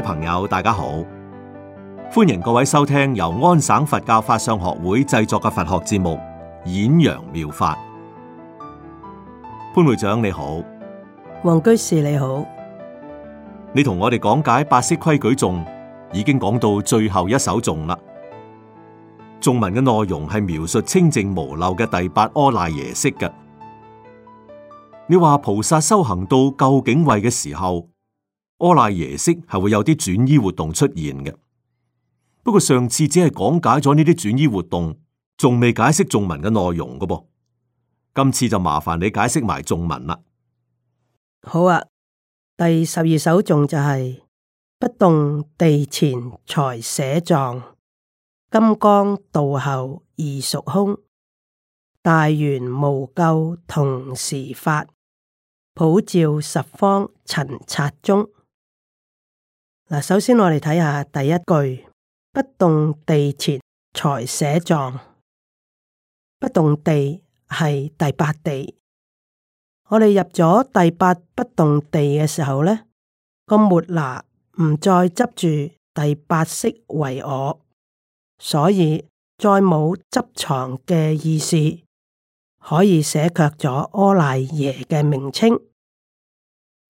朋友，大家好，歡迎各位收聽由安省佛教法相學會製作嘅佛學節目《演揚妙，妙法》。潘會長你好，王居士你好，你同我哋講解《八識規矩頌》，已經講到最後一首頌啦。頌文嘅內容係描述清淨無漏嘅第八阿賴耶識嘅。你話菩薩修行到究竟位嘅時候，柯賴耶識係會有啲轉依活動出現嘅，不過上次只係講解咗呢啲轉依活動，仲未解釋頌文嘅內容嘅。噃，今次就麻煩你解釋埋頌文啦。好啊，第十二首頌就係、是、不動地前纔捨藏，金剛道後異熟空，大圓無垢同時發，普照十方塵剎中。嗱，首先我哋睇下第一句，不動地前才捨藏。不動地係第八地，我哋入咗第八不動地嘅時候咧，個末那唔再執住第八識為我，所以再冇執藏嘅意思，可以捨卻咗阿賴耶嘅名稱，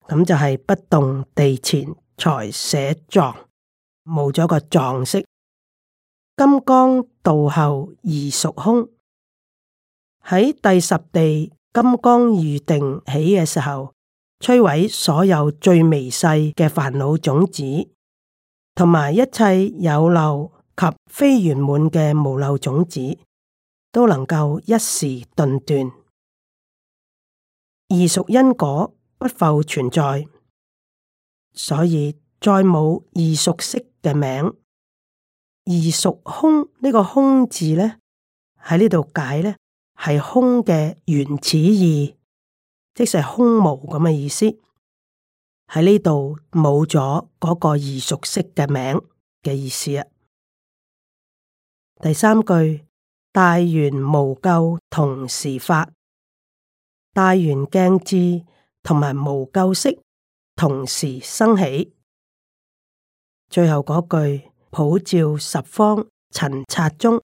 咁就係不動地前，才寫作，冇咗個藏識。金剛道後異熟空，喺第十地金剛喻定起嘅時候，摧毀所有最微細嘅煩惱種子，同埋一切有漏及非圓滿嘅無漏種子，都能夠一時頓斷，斷。異熟因果不復存在。所以再冇異熟識嘅名，異熟空呢、這個空字咧喺呢度解咧係空嘅原始意，即係空無咁嘅意思。喺呢度冇咗嗰個異熟識嘅名嘅意思啊。第三句大圓無垢同時發，大圓鏡智同埋無垢識。同時生起，最後嗰句普照十方塵剎中，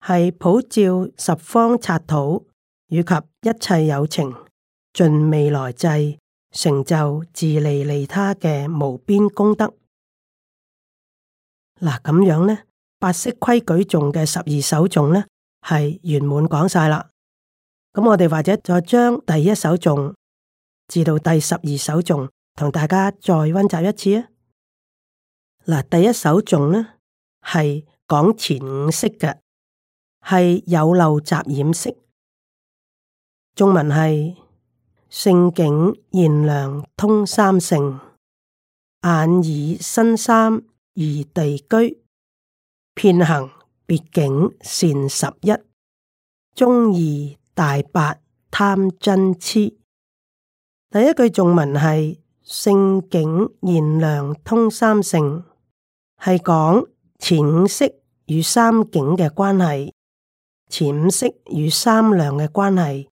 係普照十方剎土以及一切有情，盡未來際成就自利利他嘅無邊功德。嗱咁樣呢，八識規矩頌嘅十二首頌呢，係圓滿講晒啦。咁我哋或者再將第一首頌，至到第十二首頌，同大家再溫習一次啊！嗱，第一首頌呢，係講前五識嘅，係有漏雜染識。中文係性境現量通三性，眼耳身三而地居，遍行別境善十一，中二大八貪瞋癡。第一句頌文係性境現量通三性，係講前五識與三境嘅關係，前五識與三量嘅關係，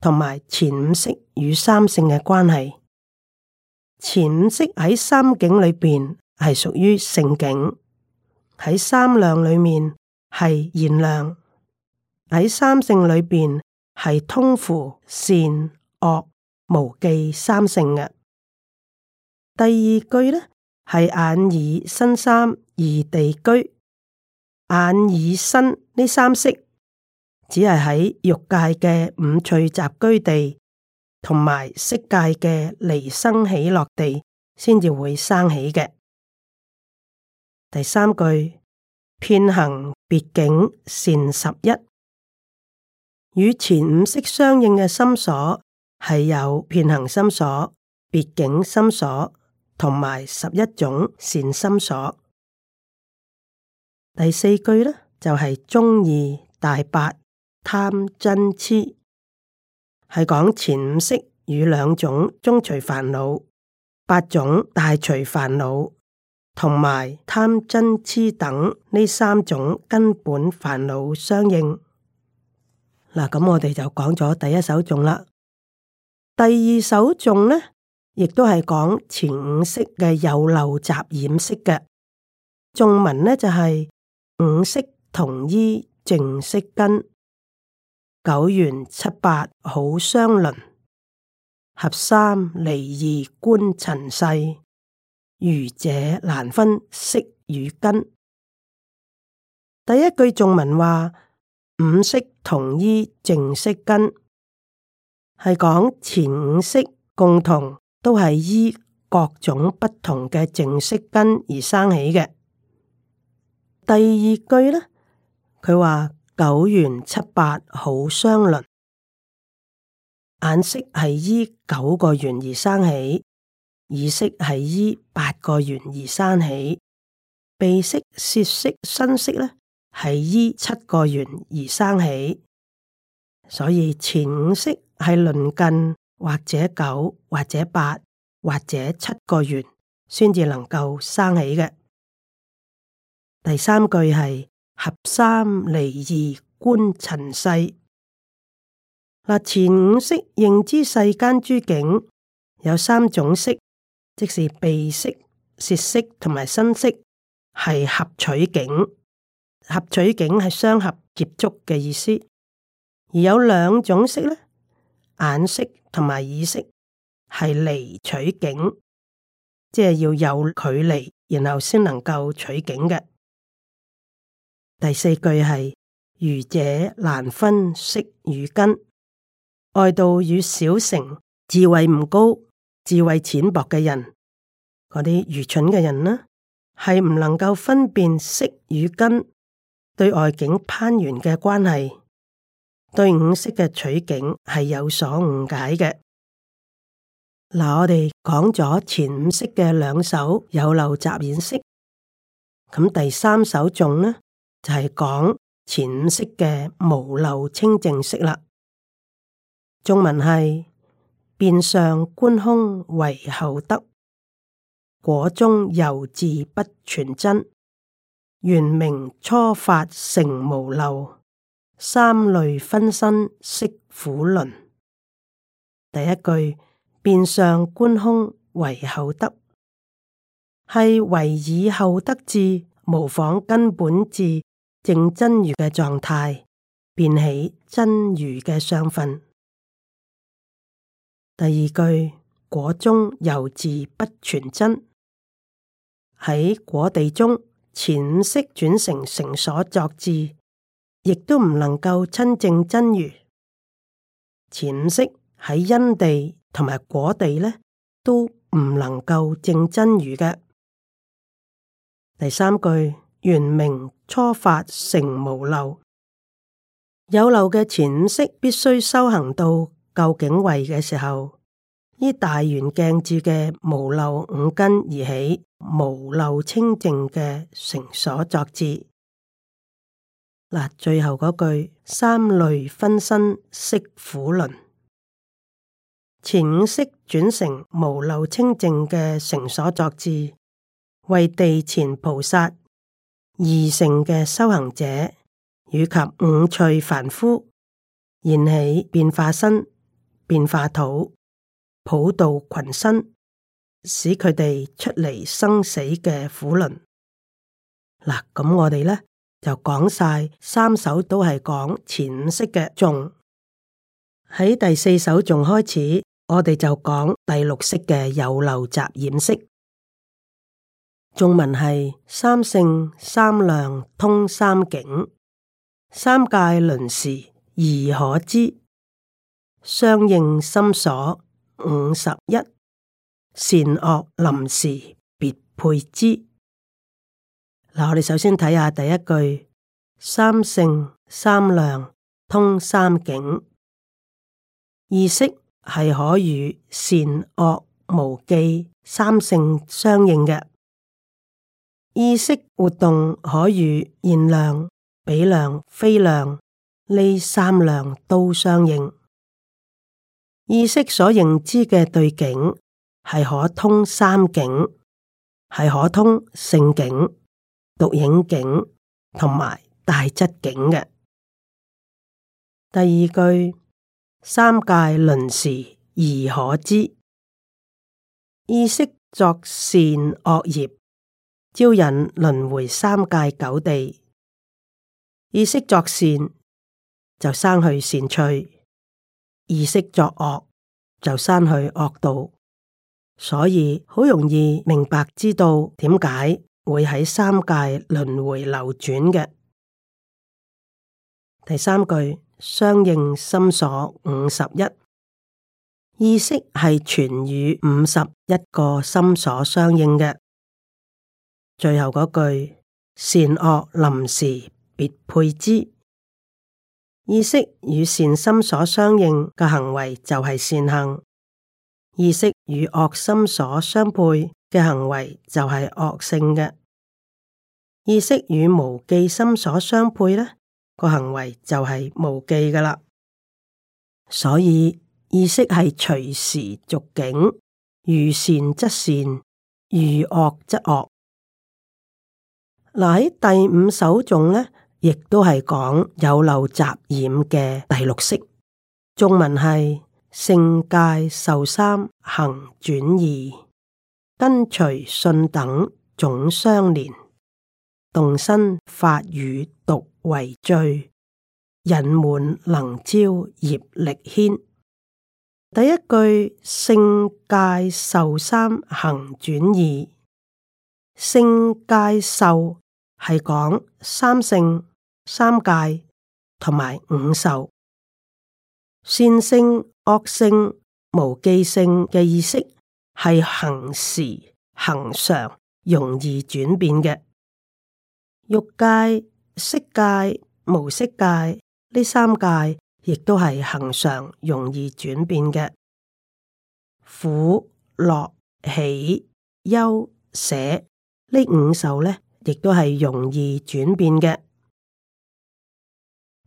同埋前五識與三性嘅關係。前五識喺三境裏邊係屬於性境，喺三量裏面係現量，喺三性裏邊係通乎善惡無記三性嘅第二句呢，係眼耳身三二地居，眼耳身呢三色只係喺欲界嘅五趣雜居地，同埋色界嘅離生喜樂地先至會生起嘅。第三句遍行別境善十一，與前五色相應嘅心所。係有遍行心所、別境心所同埋十一種善心所。第四句呢，就係、是、中二大八貪嗔癡，係講前五識與兩種中隨煩惱、八種大隨煩惱同埋貪嗔癡等呢三種根本煩惱相應。嗱，咁我哋就講咗第一首頌啦。第二首頌呢，亦都係講前五識嘅有漏雜染識嘅頌文呢、就是，就係五識同依淨色根，九緣七八好相鄰，合三離二觀塵世，愚者難分識與根。第一句頌文話：五識同依淨色根。係講前五識共同都係依各種不同嘅淨色根而生起嘅。第二句呢，佢話九緣七八好相鄰，眼識係依九個緣而生起，耳識係依八個緣而生起，鼻識、舌識、身識呢，係依七個緣而生起，所以前五識。係鄰近或者九或者八或者七個月，先至能夠生起嘅。第三句係合三離二觀塵世，嗱前五識認知世間諸境有三種識，即是鼻識、舌識同埋身識，係合取境。合取境係相合接觸嘅意思，而有兩種識咧。眼識同埋耳識係離取境，即係要有距離，然後先能夠取境嘅。第四句係愚者難分色與根，外道與小乘，智慧唔高、智慧淺薄嘅人，嗰啲愚蠢嘅人呢，係唔能夠分辨色與根對外境攀緣嘅關係。對五識嘅取境係有所誤解嘅。嗱，我哋講咗前五識嘅兩首有漏雜染識，咁第三首頌呢就係講前五識嘅無漏清淨識啦。頌文係變相觀空唯後得，果中猶自不詮真，圓明初發成無漏。三類分身息苦輪，第一句變相觀空為後得，係為以後得智模仿根本智正真如嘅狀態，變起真如嘅相分。第二句果中猶自不詮真，喺果地中前五識轉成成所作智。亦都唔能夠親證真如，前五識喺因地同埋果地呢，都唔能夠證真如嘅。第三句，圓明初發成無漏，有漏嘅前五識必須修行到究竟位嘅時候，依大圓鏡智嘅無漏五根而起，無漏清淨嘅成所作智。嗱，最後嗰句，三類分身息苦輪，前五識轉成無漏清淨嘅成所作智，為地前菩薩二乘嘅修行者以及五趣凡夫現起變化身、變化土，普度群生，使佢哋出離生死嘅苦輪。嗱，咁我哋咧。就講晒三首都係講前五識嘅頌，喺第四首頌開始，我哋就講第六識嘅有漏雜染識。頌文係三性三量、通三境，三界輪時而可知，相應心所五十一，善惡臨時別配之。嗱，我哋首先睇下第一句：三性三量通三境。意識係可與善惡無記、三性相應嘅，意識活動可與現量、比量、非量呢三量都相應。意識所認知嘅對境係可通三境，係可通性境，獨影境同埋帶質境嘅。第二句，三界輪時而可知，意識作善惡業，招引輪回三界九地。意識作善就生去善趣，意識作惡就生去惡道。所以好容易明白知道點解。會喺三界輪回流轉嘅。第三句，相應心所五十一，意識係全與五十一個心所相應嘅。最後嗰句，善惡臨時別配之，意識與善心所相應嘅行為就係善行；意識與惡心所相配嘅行為就係惡性嘅。意識與無記心所相配呢，呢個行為就係無記噶啦。所以意識係隨時逐境，遇善則善，遇惡則惡。嗱喺第五首頌呢，亦都係講有漏雜染嘅第六識。中文係性界受三恒轉易，根隨信等總相連。動身發語獨為最，引滿能招業力牽。第一句，性界受三恒轉易，性界受係講三性、三界同埋五受，善性惡性無記性嘅意識係恒時恒常容易轉變嘅。欲界、色界、無色界呢三界，亦都係恒常容易轉變嘅。苦、樂、喜、憂、捨呢五受呢，亦都係容易轉變嘅。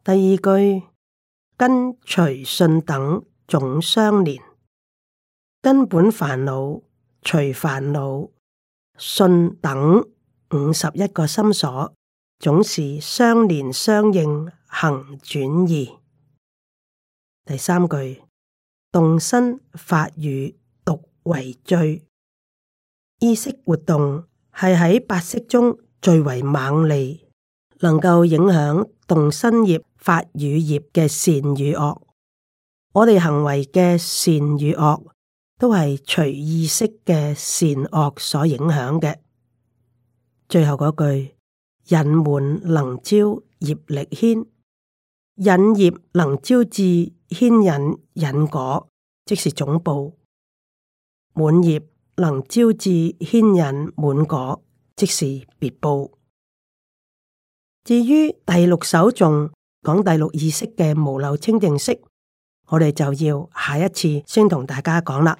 第二句，根隨信等總相連，根本煩惱隨煩惱信等。五十一個心所，總是相連相應行轉移。第三句，動身發語獨為最。意識活動係喺八識中最為猛利，能夠影響動身業、發語業嘅善與惡。我哋行為嘅善與惡，都係隨意識嘅善惡所影響嘅。最後嗰句，引滿能招業力牽。引業能招至牽引引果，即是總報；滿業能招至牽引滿果，即是別報」。至於第六首頌講第六意識嘅無漏清淨識，我哋就要下一次先同大家講啦。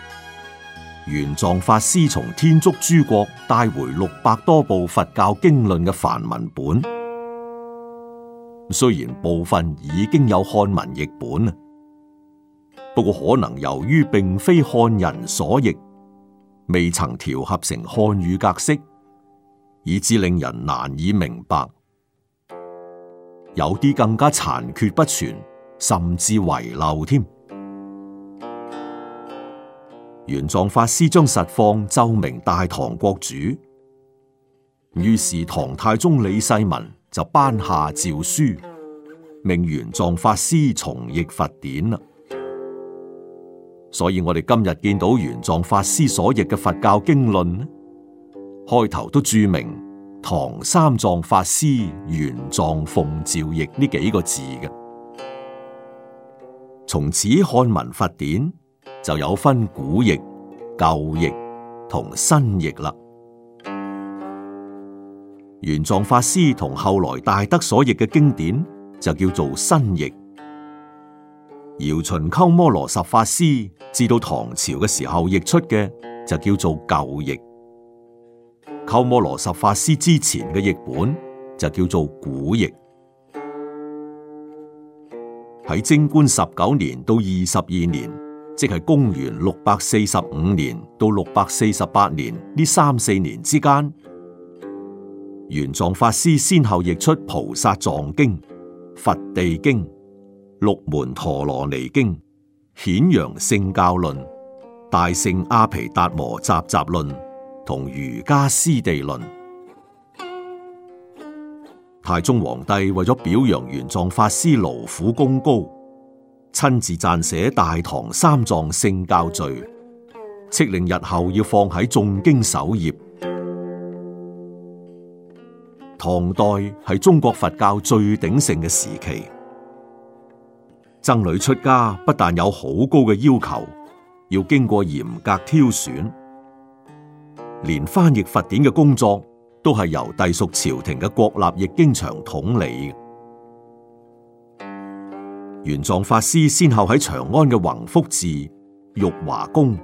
玄奘法師從天竺諸國帶回六百多部佛教經論嘅梵文本，雖然部分已經有漢文譯本，不過可能由於並非漢人所譯，未曾調合成漢語格式，以致令人難以明白。有啲更加殘缺不全，甚至遺漏添。玄奘法師將實況奏明大唐國主，於是唐太宗李世民就頒下詔書，命玄奘法師重譯佛典啦。所以我哋今日見到玄奘法師所譯嘅佛教經論呢，開頭都注明唐三藏法師玄奘奉詔譯呢幾個字嘅。從此漢文佛典，就有分古譯、舊譯同新譯啦。玄奘法師同後來大德所譯嘅經典，就叫做新譯。姚秦鳩摩羅什法師至到唐朝嘅時候譯出嘅，就叫做舊譯。鳩摩羅什法師之前嘅譯本，就叫做古譯。喺貞觀十九年到二十二年。即係公元六百四十五年到六百四十八年，呢三四年之間，玄奘法師先後譯出《菩薩藏經》《佛地經》《六門陀羅尼經》《顯揚聖教論》《大乘阿毗達摩雜集論》同《瑜伽師地論》。太宗皇帝為咗表揚玄奘法師勞苦功高，親自撰寫《大唐三藏聖教序》，敕令日後要放喺眾經首頁。唐代係中國佛教最鼎盛嘅時期，僧侶出家不但有好高嘅要求，要經過嚴格挑選，連翻譯佛典嘅工作都係由隸屬朝廷嘅國立譯經場統理。玄奘法師先後喺長安嘅弘福寺、玉華宮，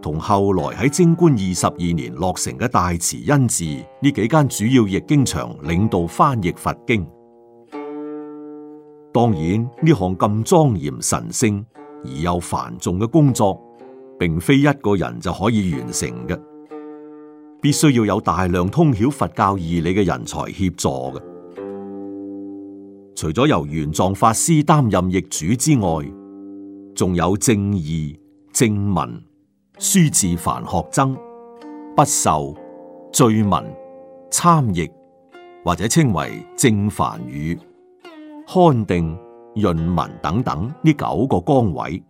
同後來喺貞觀二十二年落成嘅大慈恩寺呢幾間主要譯經場領導翻譯佛經。當然呢項咁莊嚴神聖而又繁重嘅工作，並非一個人就可以完成嘅，必須要有大量通曉佛教義理嘅人才協助嘅。.除咗由玄奘法師擔任譯主之外，仲有證義、正文、書字梵學僧、筆受、綴文參譯，或者稱為證梵語、勘定、潤文等等呢九個崗位，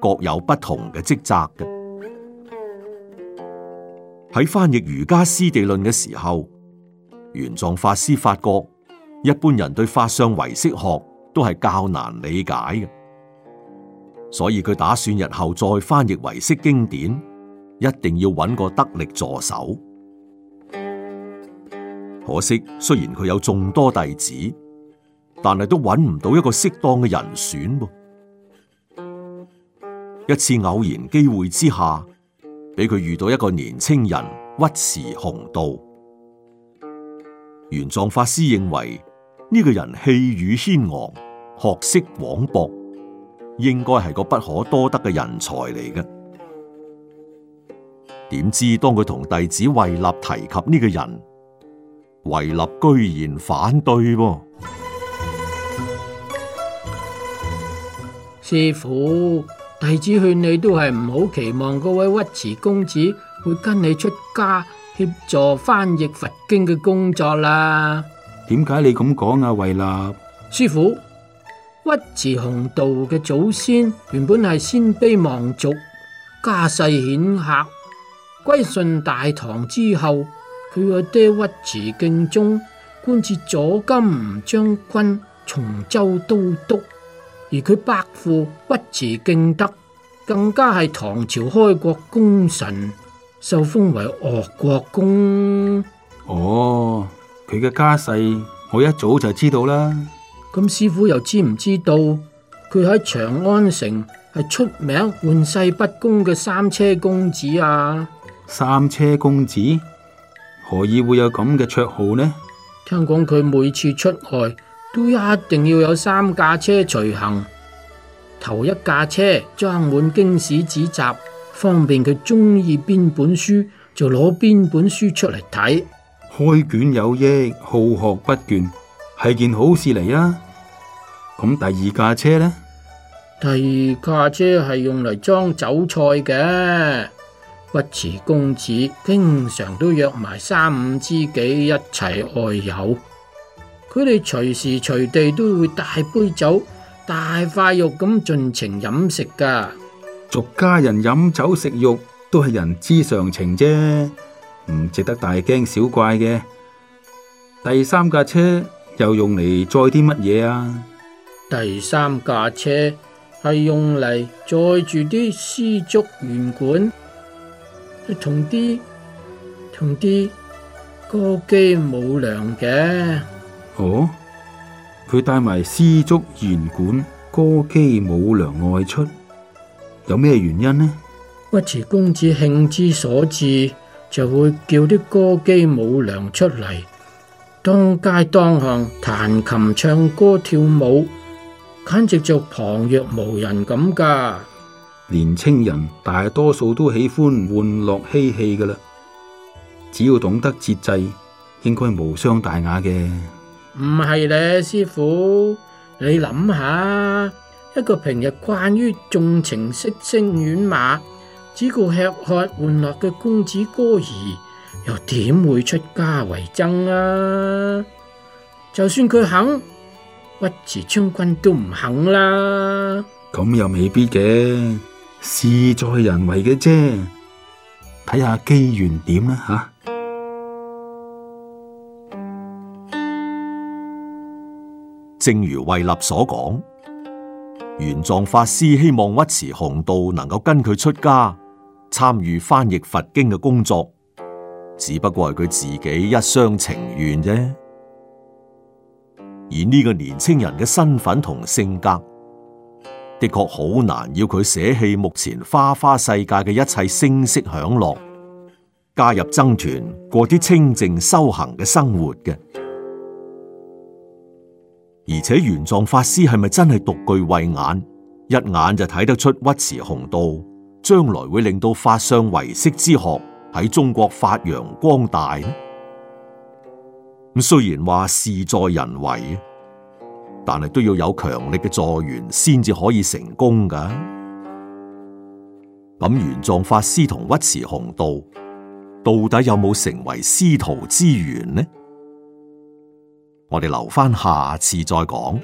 各有不同嘅職責嘅。喺翻譯《瑜伽師地論》嘅時候，玄奘法師發覺。一般人對法相唯識學都係較難理解嘅，所以佢打算日後再翻譯唯識經典，一定要揾個得力助手。可惜雖然佢有眾多弟子，但係都揾唔到一個適當嘅人選。一次偶然機會之下，俾佢遇到一個年青人尉遲洪道，玄奘法師認為。呢個人氣宇軒昂，學識廣博，應該係個不可多得嘅人才嚟嘅。點知當佢同弟子慧立提及呢個人，慧立居然反對啊。師父，弟子勸你都係唔好期望嗰位尉遲公子會跟你出家協助翻譯佛經嘅工作啦。點解你咁講啊？衛立師傅，尉遲洪道嘅祖先原本係鮮卑望族，家世顯赫。歸順大唐之後，佢阿爹尉遲敬宗官至左金吾將軍、松州都督，而佢伯父尉遲敬德更加係唐朝開國功臣，受封為鄂國公。哦。佢嘅家世，我一早就知道啦。咁師傅又知唔知道佢喺長安城係出名玩世不恭嘅三車公子啊？三車公子，何以會有咁嘅綽號呢？聽講佢每次出外都一定要有三架車隨行，頭一架車裝滿經史子集，方便佢中意邊本書就攞邊本書出嚟睇。開卷有益，好學不倦係件好事嚟啊！咁第二架車呢？第二架車係用嚟裝酒菜嘅。尉遲公子經常都約埋三五知己一齊外遊，佢哋隨時隨地都會大杯酒、大塊肉咁盡情飲食噶。俗家人飲酒食肉都係人之常情啫。唔值得大驚小怪嘅。第三架車又用嚟載啲乜嘢啊？第三架車係用嚟載住啲絲竹弦管，同啲同啲歌姬舞娘嘅。哦，佢帶埋絲竹弦管、歌姬舞娘外出，有咩原因呢？尉遲公子興之所至。就會叫啲歌姬舞娘出嚟，當街當巷彈琴唱歌跳舞，簡直就旁若無人咁噶。年青人大多數都喜歡玩樂嬉戲噶啦，只要懂得節制，應該無傷大雅嘅。唔係咧，師傅，你諗下，一個平日慣於縱情色聲軟馬。只顧吃喝玩樂嘅公子哥兒，又點會出家為僧啊？就算佢肯，尉遲將軍都唔肯啦。咁又未必嘅，事在人為嘅啫。睇下機緣點啦吓。正如慧立所講，玄奘法師希望尉遲洪道能夠跟佢出家。參與翻譯佛經嘅工作，只不過係佢自己一廂情願啫。而呢個年青人嘅身份同性格，的確好難要佢捨棄目前花花世界嘅一切聲色享樂，加入僧團，過啲清靜修行嘅生活嘅。而且玄奘法師係咪真係獨具慧眼，一眼就睇得出尉遲洪道，將來會令到法相唯識之學喺中國發揚光大呢？咁雖然話事在人為，但係都要有強力嘅助緣，先至可以成功噶。咁玄奘法師同尉遲洪道到底有冇成為師徒之緣呢？我哋留翻下,下次再講。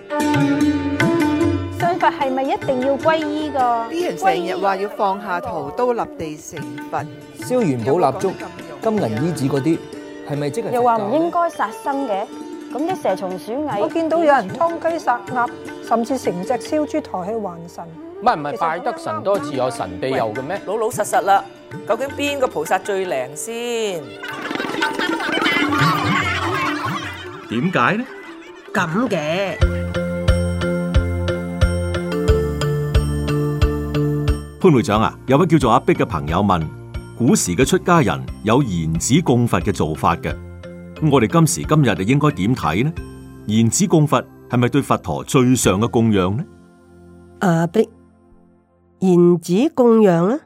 係咪一定要皈依㗎？啲人成日話要放下屠刀立地成佛，燒元寶蠟燭、金銀衣紙嗰啲，係咪即係？又話唔應該殺生嘅，咁啲蛇蟲鼠蟻，我見到有人劏雞殺鴨，甚至成隻燒豬抬起還神。唔係唔係，拜得神多自有神庇佑嘅咩？老老實實啦，究竟邊個菩薩最靈先？點解呢？咁嘅。潘會長啊，有位叫做阿碧嘅朋友問：古時嘅出家人有燃指供佛嘅做法嘅，咁我哋今時今日就應該點睇呢？燃指供佛係咪對佛陀最上嘅供養呢？阿、啊、碧，燃指供養呢，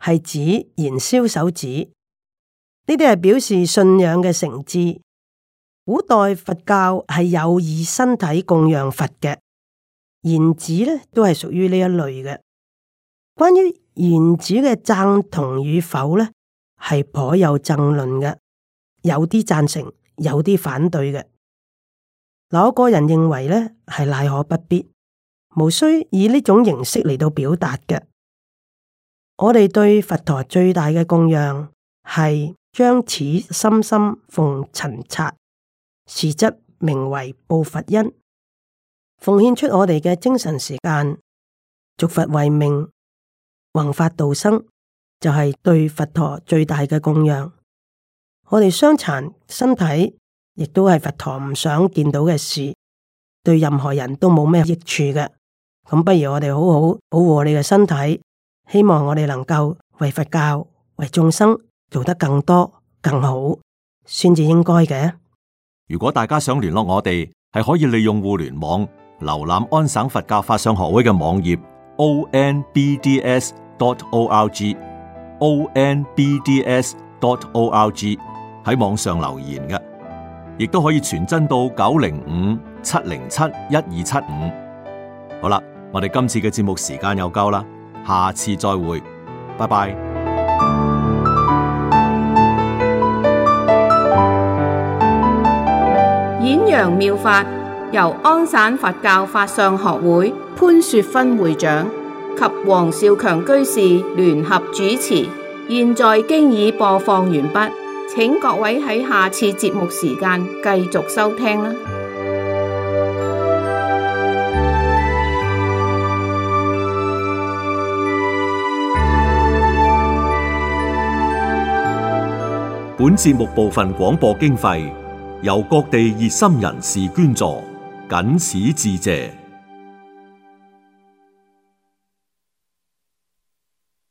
係指燃燒手指，呢啲係表示信仰嘅誠摯。古代佛教係有以身體供養佛嘅，燃指咧都係屬於呢一類嘅。關於燃指嘅贊同與否呢係頗有爭論嘅，有啲贊成，有啲反對嘅。我個人認為呢係大可不必，無需以呢種形式嚟到表達嘅。我哋對佛陀最大嘅供養，係將此深心奉塵剎，是則名為報佛恩，奉獻出我哋嘅精神時間，續佛為命。弘法度生就係、是、對佛陀最大嘅供養。我哋傷殘身體亦都係佛陀唔想見到嘅事，對任何人都冇咩益處嘅。咁不如我哋好好保護我哋嘅身體，希望我哋能夠為佛教、為眾生做得更多、更好，先至應該嘅。如果大家想聯絡我哋，係可以利用互聯網瀏覽安省佛教法相學會嘅網頁，O N B D S。dot o l g o n b d s dot o l g 喺網上留言嘅，亦都可以傳真到九零五七零七一二七五。好啦，我哋今次嘅節目時間又夠啦，下次再會，拜拜。演揚妙法由安省佛教法相學會潘雪芬會長，及黃少強居士聯合主持，現在經已播放完畢，請各位喺下次節目時間繼續收聽啦。本節目部分廣播經費由各地熱心人士捐助，謹此致謝。